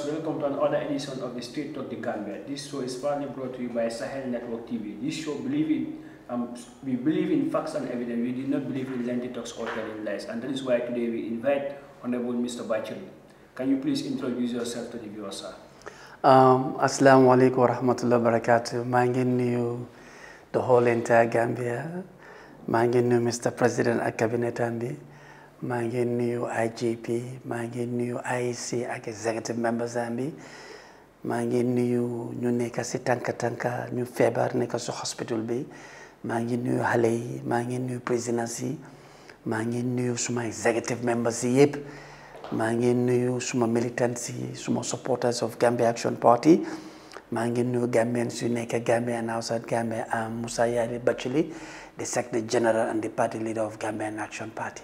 viewers, welcome to another edition of the State Talk, the Gambia. This show is proudly brought to you by Sahel Network TV. This show believe in um, we believe in facts and evidence. We do not believe in lengthy talks or telling lies, and that is why today we invite Honorable Mr. Bachiri. Can you please introduce yourself to the viewers, sir? Um, Assalamu alaikum wa rahmatullahi wa barakatuh. you, the whole entire Gambia. you, Mr. President Cabinet Akabinetambi. maa ngi nuyu IGP maa ngi nuyu IEC ak executive members am bi maa ngi nuyu ñu nekk si tànka tànka ñu feebar nekk si hospital bi maa ngi nuyu xale yi maa ngi nuyu présidence yi maa ngi nuyu suma executive members yi yëpp maa ngi nuyu suma militants yi suma supporters of Gambia Action Party maa ngi nuyu Gambians yu nekk Gambia and outside Gambia am Musa Yari Bachili the Secretary General and the party leader of Gambian Action Party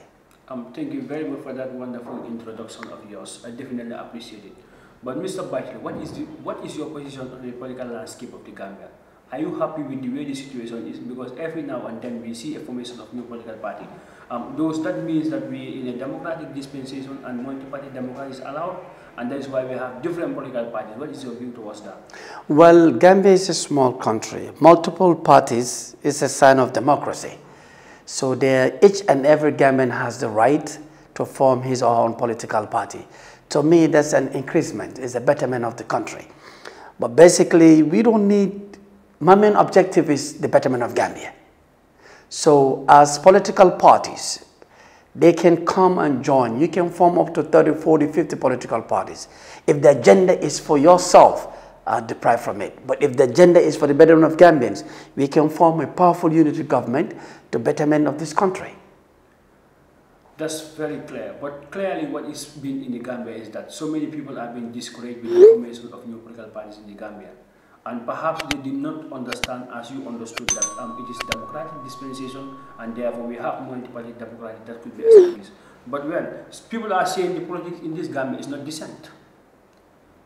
Um, thank you very much for that wonderful introduction of yours. I definitely appreciate it. But Mr. Bachelet, what is, the, what is your position on the political landscape of the Gambia? Are you happy with the way the situation is? Because every now and then we see a formation of new political party. Um, those, that means that we in a democratic dispensation and multi-party democracy is allowed, and that is why we have different political parties. What is your view towards that? Well, Gambia is a small country. Multiple parties is a sign of democracy. So there, each and every Gambian has the right to form his own political party. To me, that's an increasement, it's a betterment of the country. But basically, we don't need, my main objective is the betterment of Gambia. So as political parties, they can come and join. You can form up to 30, 40, 50 political parties. If the agenda is for yourself, uh, deprived from it. But if the agenda is for the betterment of Gambians, we can form a powerful unity government to betterment of this country. That's very clear. But clearly what is being in the Gambia is that so many people have been discouraged with the formation of new political parties in the Gambia. And perhaps they did not understand as you understood that um, it is democratic dispensation and therefore we have multi-party democratic that could be established. But when people are saying the politics in this Gambia is not decent.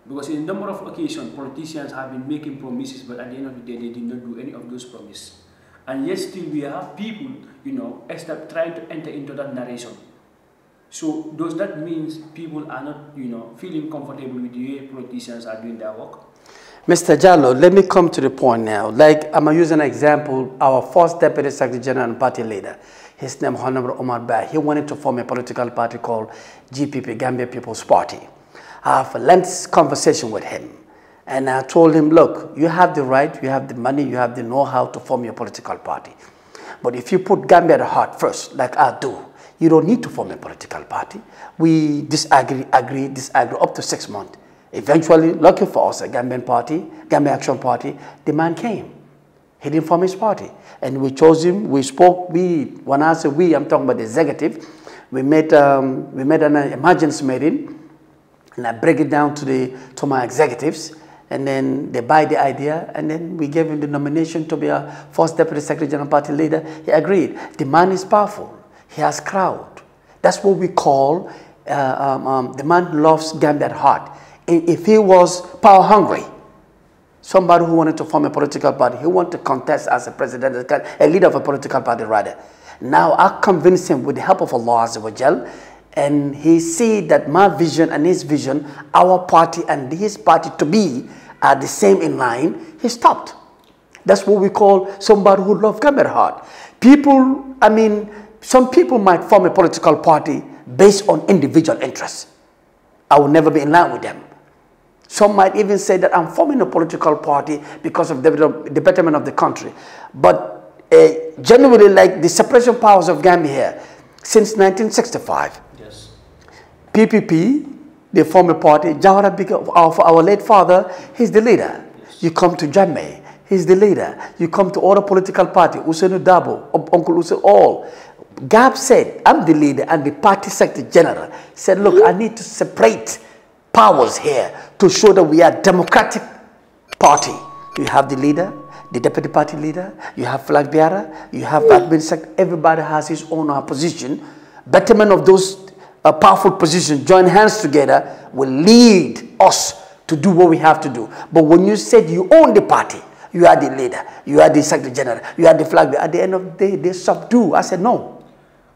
Because in a number of occasions, politicians have been making promises, but at the end of the day, they did not do any of those promises. And yet still we have people, you know, step trying to enter into that narration. So does that mean people are not, you know, feeling comfortable with the way politicians are doing their work? Mr. Jallo, let me come to the point now. Like, I'm going to use an example. Our first Deputy Secretary General and party leader, his name Honorable Omar Ba, he wanted to form a political party called GPP, Gambia People's Party. I've a lengthy conversation with him. And I told him, look, you have the right, you have the money, you have the know-how to form your political party. But if you put Gambia at heart first, like I do, you don't need to form a political party. We disagree, agree, disagree up to six months. Eventually, lucky for us, a Gambian party, Gambian Action Party, the man came. He didn't form his party. And we chose him, we spoke, we, when I say we, I'm talking about the executive. We made, um, we made an emergency meeting, and I break it down to, the, to my executives and then they buy the idea, and then we gave him the nomination to be a first deputy secretary general party leader. He agreed. The man is powerful. He has crowd. That's what we call uh, um, um, the man loves Gambia at heart. If he was power hungry, somebody who wanted to form a political party, he wanted to contest as a president, a leader of a political party rather. Now I convinced him with the help of Allah Azawajal, and he see that my vision and his vision, our party and his party to be are the same in line, he stopped. That's what we call somebody who loves camera hard. People, I mean, some people might form a political party based on individual interests. I will never be in line with them. Some might even say that I'm forming a political party because of the, the betterment of the country. But uh, generally, like the separation powers of Gambia here, since 1965, yes. PPP they form a party. Jawara, because of our late father, he's the leader. You come to Jamme, he's the leader. You come to other political party, Usenu Dabo, um, Uncle Usen, all. Gab said, I'm the leader, and the party secretary general said, look, I need to separate powers here to show that we are democratic party. You have the leader, the deputy party leader, you have flag bearer, you have admin secretary. Everybody has his own opposition. Betterment of those a powerful position, join hands together, will lead us to do what we have to do. But when you said you own the party, you are the leader, you are the secretary general, you are the flag, at the end of the day, they subdue. I said, no.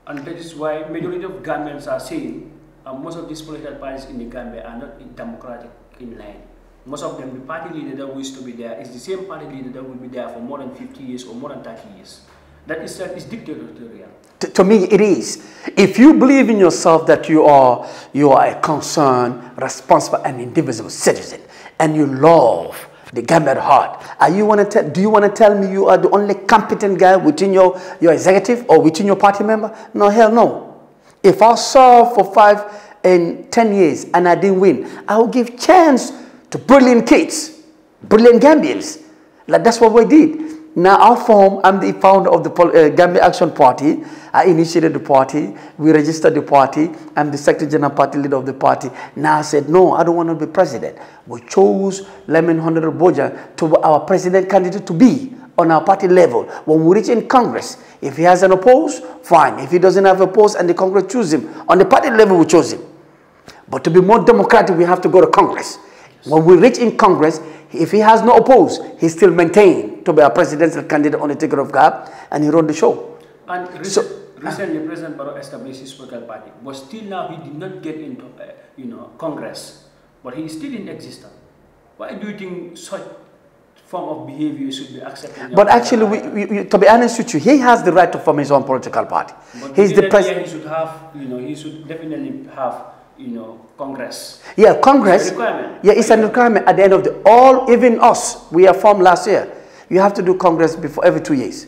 And that is why majority of governments are saying uh, most of these political parties in the Gambia are not democratic in line. Most of them, the party leader that used to be there is the same party leader that will be there for more than 50 years or more than 30 years that is dictatorial. To, to, me, it is. If you believe in yourself that you are, you are a concerned, responsible, and indivisible citizen, and you love the government heart, are you want to do you want to tell me you are the only competent guy within your, your executive or within your party member? No, hell no. If I serve for five and ten years and I didn't win, I will give chance to brilliant kids, brilliant Gambians. Like that's what we did. Now, our form, I'm the founder of the uh, Gambia Action Party. I initiated the party. We registered the party. I'm the Secretary General Party leader of the party. Now I said, no, I don't want to be president. We chose Lemon Honorable Boja to our president candidate to be on our party level. When we reach in Congress, if he has an oppose, fine. If he doesn't have a oppose and the Congress choose him, on the party level we chose him. But to be more democratic, we have to go to Congress. When we reach in Congress, if he has no oppose, he still maintained to be a presidential candidate on the ticket of GAP, and he run the show. And recently, so, recently President Barrow established his political party, but still now he did not get into, uh, you know, Congress, but he is still in existence. Why do you think such form of behavior should be accepted. But actually, we, we, to be honest with you, he has the right to form his own political party. But he's the president. He should have, you know, he should definitely have you know, Congress. Yeah, Congress. It's yeah, it's a requirement at the end of the all, even us. We are formed last year. You have to do Congress before every two years.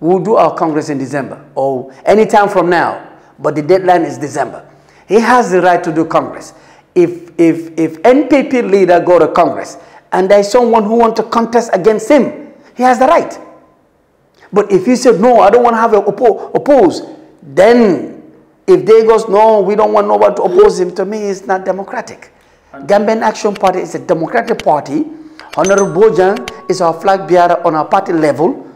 We'll do our Congress in December or any time from now, but the deadline is December. He has the right to do Congress. If if if NPP leader go to Congress and there's someone who want to contest against him, he has the right. But if he said no, I don't want to have a oppo oppose, then if they goes, no, we don't want no one to oppose him, to me it's not democratic. Gambian Action Party is a democratic party. Honorable Bojang is our flag bearer on our party level.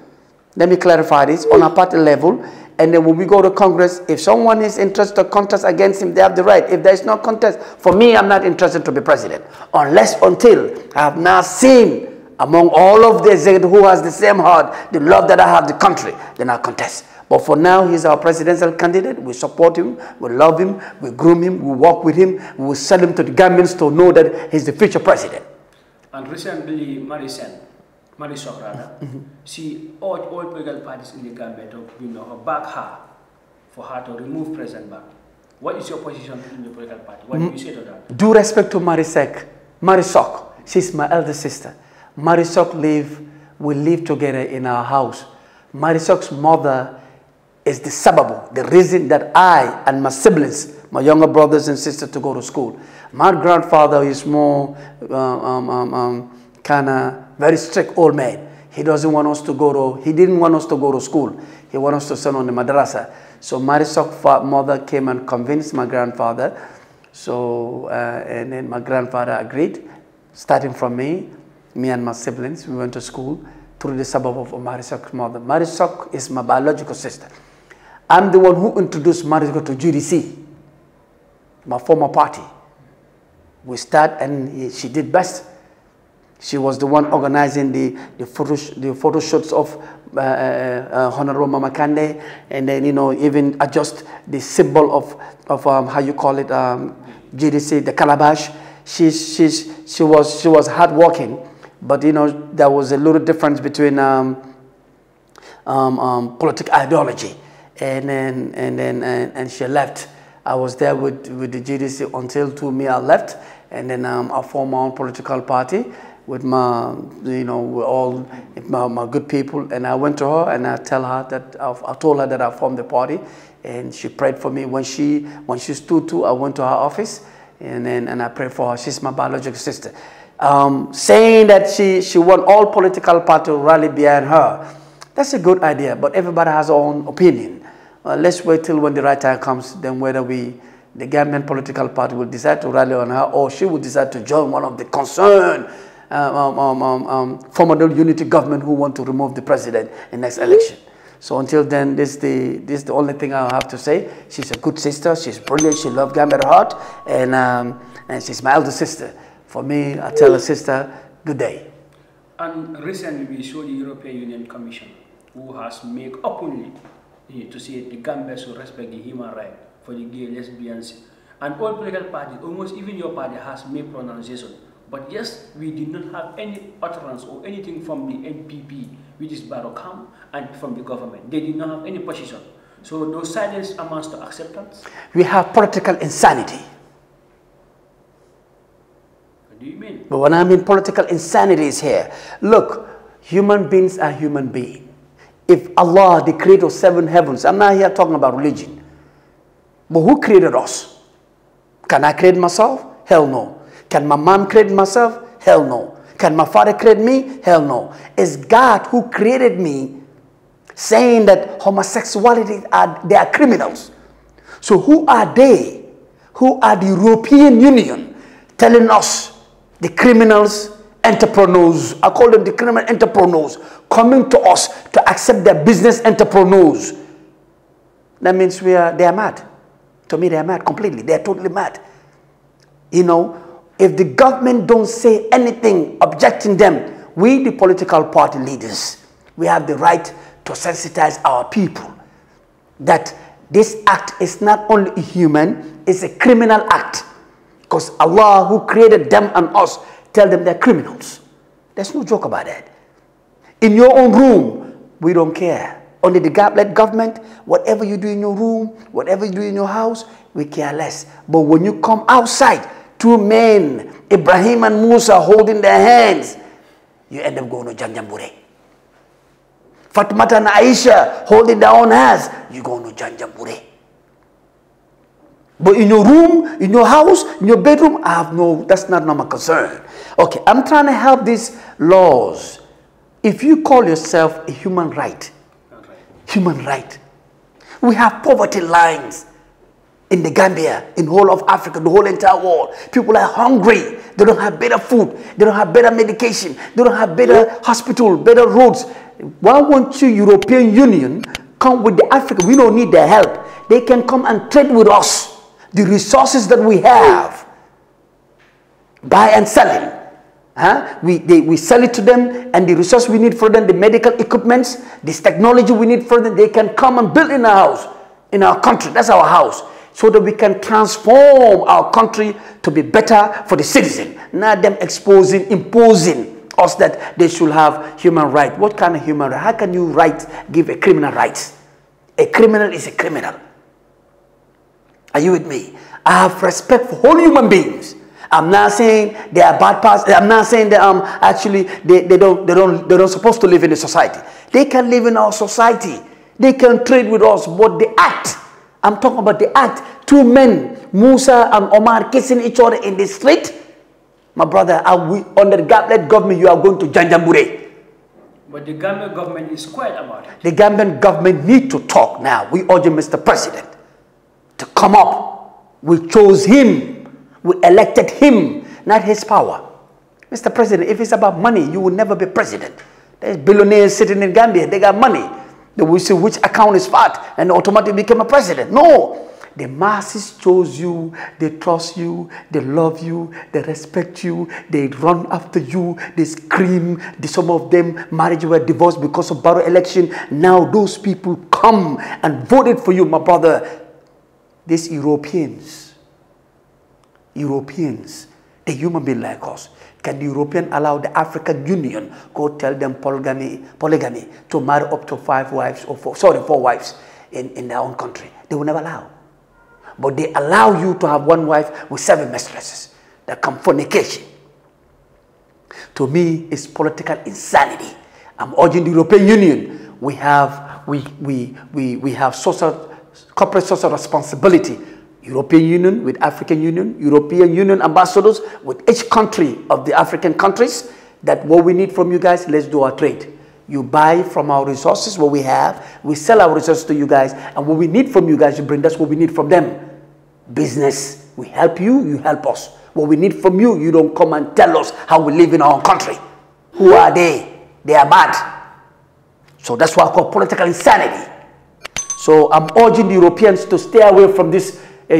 Let me clarify this, on our party level. And then when we go to Congress, if someone is interested to contest against him, they have the right. If there is no contest, for me, I'm not interested to be president. Unless, until I have now seen among all of the Zed who has the same heart, the love that I have the country, then I contest. But for now, he's our presidential candidate. We support him, we love him, we groom him, we work with him, we will send him to the governments to know that he's the future president. And recently, Maricel, Marisol rather, mm -hmm. she urged all political parties in the Gambia to you know, back her for her to remove President Bak. What is your position in the political party? What do mm. you say to that? Due respect to Marisek, Marisok, she's my elder sister. Marisok live, we live together in our house. Marisok's mother is the sababu, the reason that I and my siblings, my younger brothers and sisters to go to school. My grandfather is more uh, um, um, um, kind of very strict old man. He doesn't want us to go to, he didn't want us to go to school. He wanted us to send on the madrasa. So my mother came and convinced my grandfather. So, uh, and then my grandfather agreed, starting from me, me and my siblings, we went to school through the suburb of Marisok's mother. Marisok is my biological sister. I'm the one who introduced Marigo to GDC, my former party. We started and she did best. She was the one organizing the, the, photo, the photo shoots of uh, uh, uh, Honorable Mama Kande and then, you know, even adjust the symbol of, of um, how you call it, um, GDC, the calabash. She, she, she, was, she was hardworking, but, you know, there was a little difference between um, um, um, political ideology and then and then and, uh, and she left. I was there with, with the GDC until two me I left, and then um, I formed my own political party with my, you know, with all my, my, good people. And I went to her and I tell her that I've, I told her that I formed the party, and she prayed for me. When she when she stood too, I went to her office, and then and I prayed for her. She's my biological sister. Um, saying that she she won all political party rally behind her that's a good idea, but everybody has their own opinion. Uh, let's wait till when the right time comes, then whether we, the Gambian political party will decide to rally on her or she will decide to join one of the concerned um, um, um, um, um unity government who want to remove the president in next election. So until then, this the this is the only thing I have to say. She's a good sister. She's brilliant. She loves Gambia heart, and um, and she's my elder sister. For me, I tell her sister, good day. And recently, we saw the European Union Commission who has made openly to say the government should respect the human right for the gay, lesbians, and all political parties, almost even your party, has made pronunciation. But yes, we did not have any utterance or anything from the NPP, which is Barokam, and from the government. They did not have any position. So those silence amounts to acceptance. We have political insanity. What do you mean? But when I mean political insanity is here, look, human beings are human beings if Allah, the creator of seven heavens, I'm not here talking about religion, but who created us? Can I create myself? Hell no. Can my mom create myself? Hell no. Can my father create me? Hell no. It's God who created me saying that homosexuality are they are criminals. So who are they? Who are the European Union telling us the criminals entrepreneurs, I call them the criminal entrepreneurs, coming to us to accept their business entrepreneurs. That means we are, they are mad. To me, they are mad completely. They are totally mad. You know, if the government don't say anything objecting them, we, the political party leaders, we have the right to sensitize our people that this act is not only human, it's a criminal act. Because Allah, who created them and us, tell them they're criminals. There's no joke about that. In your own room, we don't care. Under the Gablet government, whatever you do in your room, whatever you do in your house, we care less. But when you come outside, two men, Ibrahim and Musa, holding their hands, you end up going to Janjambure. Fatimata and Aisha holding their own hands, you go to Janjambure. But in your room, in your house, in your bedroom, I have no, that's not, not my concern. Okay, I'm trying to help these laws. If you call yourself a human right, okay. human right, we have poverty lines in the Gambia, in whole of Africa, the whole entire world. People are hungry. They don't have better food. They don't have better medication. They don't have better hospital, better roads. Why won't you European Union come with the Africa? We don't need their help. They can come and trade with us the resources that we have, buy and sell it. Huh? We, they, we sell it to them and the resource we need for them, the medical equipments, this technology we need for them, they can come and build in our house, in our country. That's our house. So that we can transform our country to be better for the citizen. Not them exposing, imposing us that they should have human rights. What kind of human right? How can you right give a criminal rights? A criminal is a criminal. Are you with me? I have respect for all human beings. I'm not saying they are bad parts. I'm not saying that um actually they, they don't they don't they're not supposed to live in the society. They can live in our society. They can trade with us, but they act. I'm talking about the act. Two men, Musa and Omar, kissing each other in the street. My brother, are we under the government? You are going to Janjambure. But the Gambian government is quiet about it. The Gambian government need to talk now. We urge Mr. President to come up. We chose him. We elected him, not his power. Mr. President, if it's about money, you will never be president. There's billionaires sitting in Gambia. They got money. They will see which account is fat and automatically become a president. No. The masses chose you, they trust you, they love you, they respect you, they run after you, they scream. some of them marriage were divorced because of borough election. Now those people come and voted for you, my brother these Europeans, Europeans, a human being like us, can the European allow the African Union go tell them polygamy, polygamy to marry up to five wives or four, sorry, four wives in, in their own country? They will never allow. But they allow you to have one wife with seven mistresses that come fornication. To me, it's political insanity. I'm urging the European Union. We have, we, we, we, we have social corporate social responsibility. European Union with African Union, European Union ambassadors with each country of the African countries that what we need from you guys, let's do our trade. You buy from our resources what we have, we sell our resources to you guys, and what we need from you guys, you bring us what we need from them. Business, we help you, you help us. What we need from you, you don't come and tell us how we live in our country. Who are they? They are bad. So that's why I call political insanity. So I'm urging the Europeans to stay away from this, uh,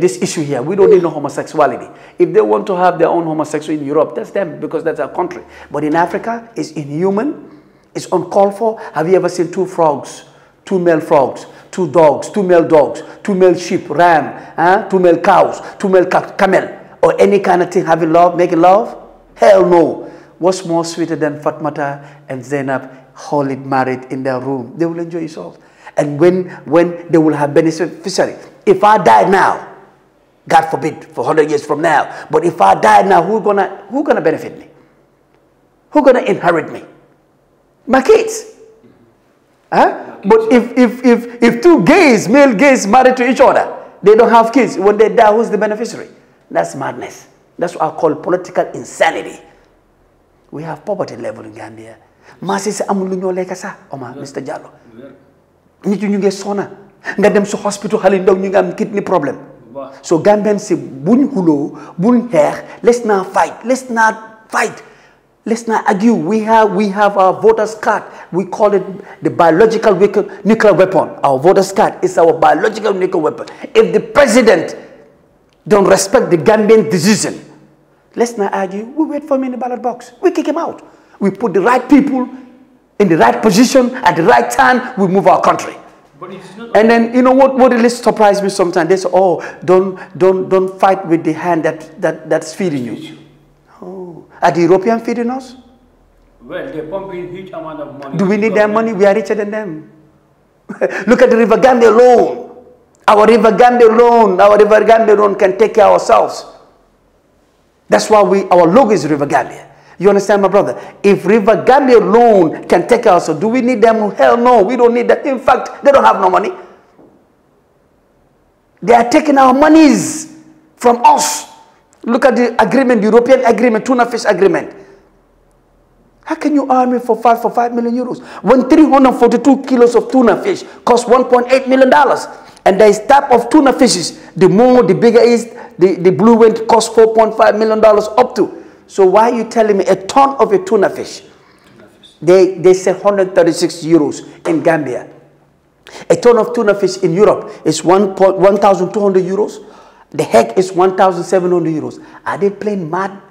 this issue here. We don't need no homosexuality. If they want to have their own homosexuality in Europe, that's them because that's our country. But in Africa, it's inhuman. It's uncalled for. Have you ever seen two frogs, two male frogs? two dogs, two male dogs, two male sheep, ram, huh? two male cows, two male camel, or any kind of thing having love, making love? Hell no. What's more sweeter than Fatmata and Zainab, holy married in their room? They will enjoy yourself and when, when they will have beneficiary. If I die now, God forbid, for 100 years from now, but if I die now, who gonna, who gonna benefit me? Who gonna inherit me? My kids. Huh? But if, if, if, if two gays, male gays, married to each other, they don't have kids, when they die, who's the beneficiary? That's madness. That's what I call political insanity. We have poverty level in Gambia. Masisi leka sa, Oma, Mr. Jallo nit ñu ngi sona nga dem si hospital xale ndaw ñu ngi am kidney problem so Gambian si buñ xuloo buñ xeex let's not fight let's not fight let's not argue we have we have our voters card we call it the biological nuclear weapon our voters card is our biological nuclear weapon if the president don't respect the Gambian decision let's not argue we wait for him in the ballot box we kick him out we put the right people in the right position at the right time, we move our country. And then you know what what really surprised me sometimes? They say, Oh, don't don't don't fight with the hand that, that that's feeding you. Oh. Are the European feeding us? Well, they pump in huge amount of money. Do we need their money? We are richer than them. Look at the River Gambia alone. Our River Gambia alone, our River Gambia alone can take care of ourselves. That's why we our logo is River Gambia. You understand, my brother? If River Gambia alone can take us, so do we need them? Hell no, we don't need them. In fact, they don't have no money. They are taking our monies from us. Look at the agreement, the European agreement, tuna fish agreement. How can you arm me for five for five million euros when 342 kilos of tuna fish cost 1.8 million dollars? And the type of tuna fishes, the more, the bigger is, the, the blue went cost 4.5 million dollars up to. So why are you telling me a ton of a tuna fish? They, they say 136 euros in Gambia. A ton of tuna fish in Europe is 1,200 euros. The heck is 1,700 euros. Are they playing mad?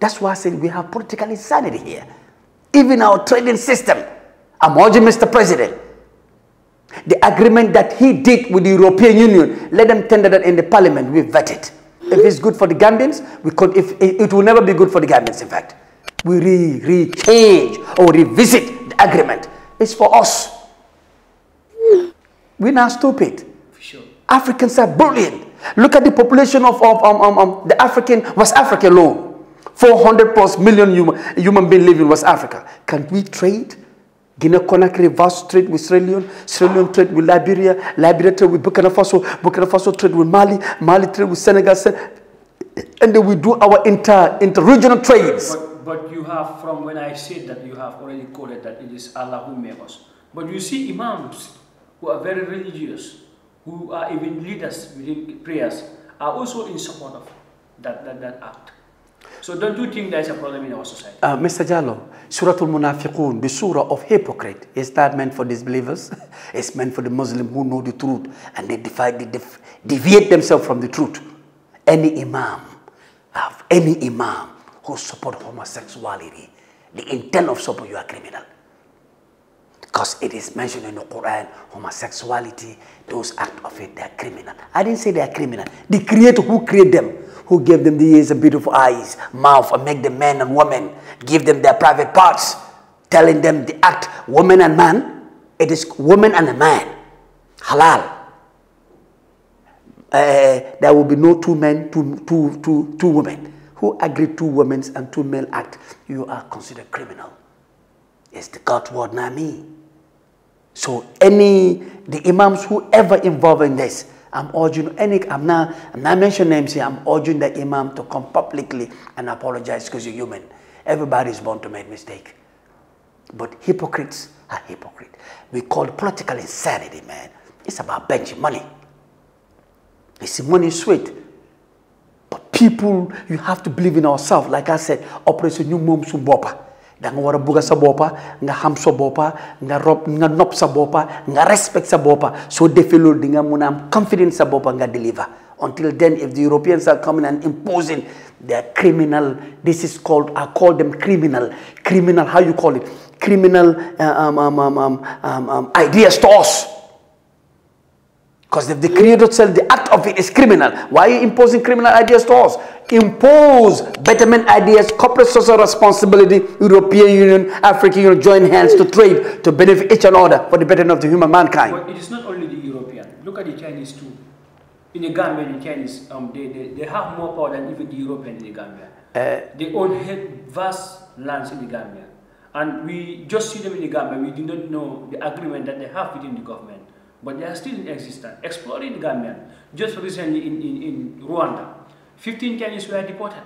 That's why I say we have political insanity here. Even our trading system. I'm urging Mr. President. The agreement that he did with the European Union, let them tender that in the parliament. We vet it. If it's good for the Gambians, we could, if, it will never be good for the Gambians, in fact. We re, re change or revisit the agreement. It's for us. We're not stupid. Sure. Africans are brilliant. Look at the population of, of um, um, um, the African, West Africa alone. 400 plus million human, human beings live in West Africa. Can we trade? Guinea-Conakry, vast trade with Sierra Leone, Sierra Leone trade with Liberia, Liberia trade with Burkina Faso, Burkina Faso trade with Mali, Mali trade with Senegal, and then we do our inter, inter-regional trades. But, but, you have, from when I said that, you have already quoted that it is Allah who made us. But you see imams who are very religious, who are even leaders within prayers, are also in support of that, that, that act. So don't you think there is a problem in our society? Uh, Mr. Jallo, Surah Al-Munafiqun, the surah of hypocrite, is that meant for disbelievers? it's meant for the Muslim who know the truth and they, defy, they def deviate themselves from the truth. Any imam, any imam who support homosexuality, the intent of support, you are criminal. Because it is mentioned in the Quran, homosexuality, those act of it, they are criminal. I didn't say they are criminal. The creator who created them, who gave them the ears and beautiful eyes, mouth, and make them men and women, give them their private parts, telling them the act, woman and man, it is woman and a man, halal. Uh, there will be no two men, two, two, two, two women. Who agree two women and two male act, you are considered criminal. It's the God word, not me. So any, the imams, whoever involved in this, I'm urging any, I'm not, I'm not mentioning names here, I'm urging the imam to come publicly and apologize because you're human. Everybody is born to make mistake. But hypocrites are hypocrite. We call political insanity, man. It's about benching money. It's money sweet. But people, you have to believe in ourselves. Like I said, Operation New Mom Sumbopa da nga war a sa boppa nga xam sa boppa nga rob nga nopp sa boppa nga respect sa boppa So defee loolu di nga am confidence sa boppa nga deliver until then if the Europeans are coming and imposing their criminal this is called I call them criminal criminal how you call it criminal uh, um, um, um, um, um, um, ideas to us because if the creator itself, the act of it is criminal. Why are you imposing criminal ideas to us? Impose betterment ideas, corporate social responsibility, European Union, African Union, join hands to trade to benefit each and other for the betterment of the human mankind. But it is not only the European. Look at the Chinese too. In the Gambia, the Chinese, um, they, they, they have more power than even the European in the Gambia. Uh, they own vast lands in the Gambia. And we just see them in the Gambia. We do not know the agreement that they have within the government but they are still in existence, exploring Gambian. Just recently in, in, in Rwanda, 15 Chinese were deported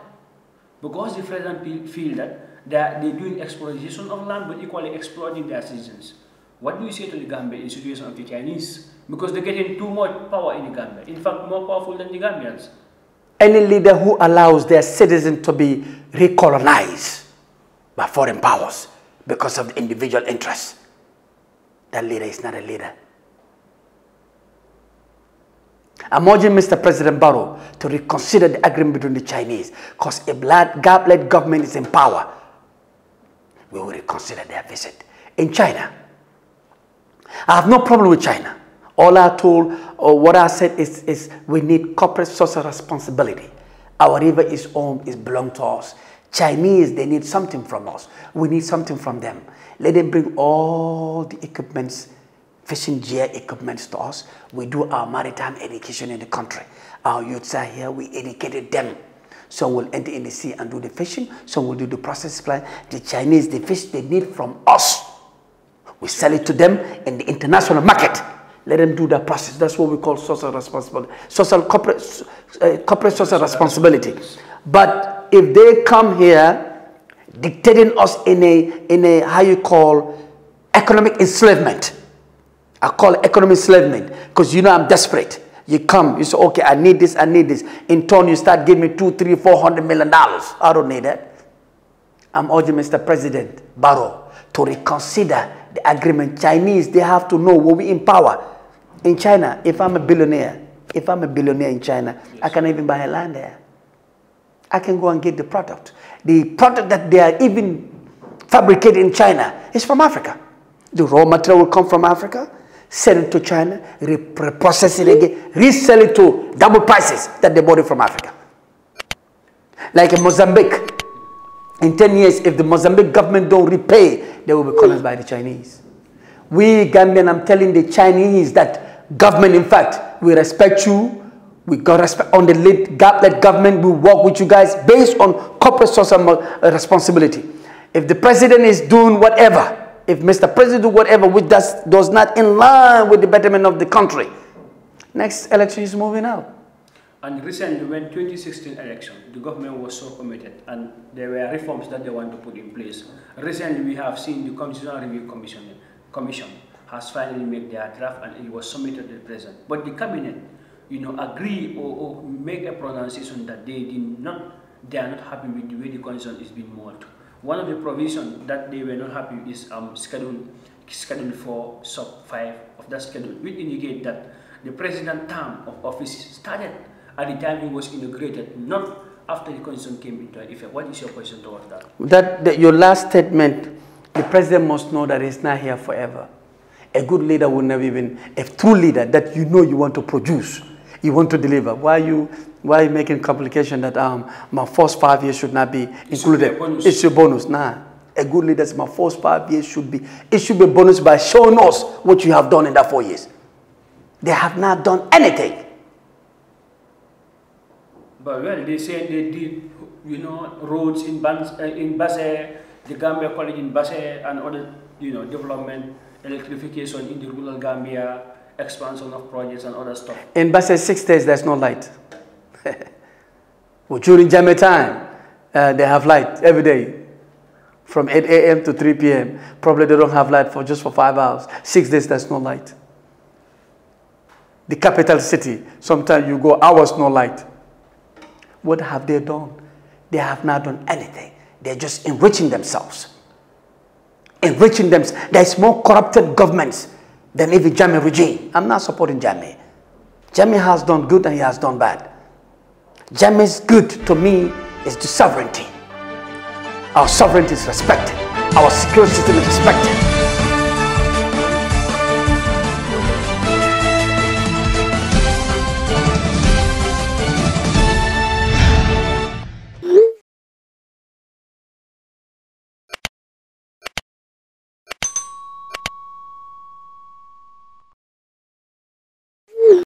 because the president feel that they are, they're doing exploitation of land but equally exploiting their citizens. What do you say to the Gambia in situation of the Chinese? Because they're getting too much power in the Gambia, in fact more powerful than the Gambians. Any leader who allows their citizen to be recolonized by foreign powers because of the individual interests, that leader is not a leader. I'm urging Mr. President Barrow to reconsider the agreement between the Chinese because a gap led government is in power. We will reconsider their visit. In China, I have no problem with China. All I told or what I said is, is we need corporate social responsibility. Our river is owned, is belong to us. Chinese, they need something from us. We need something from them. Let them bring all the equipments fishing gear equipment stores. We do our maritime education in the country. Our youths are here, we educated them. Some will enter in the sea and do the fishing. Some will do the process plan. The Chinese, the fish they need from us, we sell it to them in the international market. Let them do that process. That's what we call social responsibility, social corporate, uh, corporate social responsibility. But if they come here dictating us in a, in a how you call, economic enslavement, I call it economic enslavement because you know I'm desperate. You come, you say, okay, I need this, I need this. In turn, you start giving me two, three, four hundred million dollars. I don't need that. I'm urging Mr. President Barrow to reconsider the agreement. Chinese, they have to know we'll be in power. In China, if I'm a billionaire, if I'm a billionaire in China, yes. I can even buy a land there. I can go and get the product. The product that they are even fabricated in China is from Africa. The raw material will come from Africa sell it to China, reprocess it again, resell it to double prices that they bought it from Africa. Like in Mozambique, in 10 years, if the Mozambique government don't repay, they will be colonized by the Chinese. We Gambian, I'm telling the Chinese that government, in fact, we respect you. We got respect on the gap that government. will work with you guys based on corporate social responsibility. If the president is doing whatever, if Mr. President do whatever which does, does not in line with the betterment of the country, next election is moving out. And recently, when 2016 election, the government was so committed and there were reforms that they want to put in place. Recently, we have seen the Constitutional Review Commission, Commission has finally made their draft and it was submitted to the president. But the cabinet, you know, agree or, or make a pronunciation that they did not, they are not happy with the way the constitution is being molded. One of the provisions that they were not happy is um, schedule schedule four, sub 5 of that schedule, which indicate that the president term of office started at the time he was inaugurated, not after the constitution came into effect. What is your position towards that? that? That your last statement, the president must know that he's not here forever. A good leader will never even, a true leader that you know you want to produce you want to deliver. Why are you, why are you making complication that um, my first five years should not be included? it's your bonus. Nah. A good leader my first five years should be, it should be bonus by showing us what you have done in that four years. They have not done anything. But well, they say they did, you know, roads in, Bans, uh, in Basse, the Gambia College in Basse, and other, you know, development, electrification in the rural Gambia, expansion of projects and other stuff. In but six days there's no light. well, during Jama time, uh, they have light every day. From 8 a.m. to 3 p.m. Probably they don't have light for just for five hours. Six days there's no light. The capital city, sometimes you go hours no light. What have they done? They have not done anything. They're just enriching themselves. Enriching themselves. There's more corrupted governments then if it's Jami I'm not supporting Jami. Jami has done good and he has done bad. Jami's good to me is the sovereignty. Our sovereignty is respected. Our security system is respected.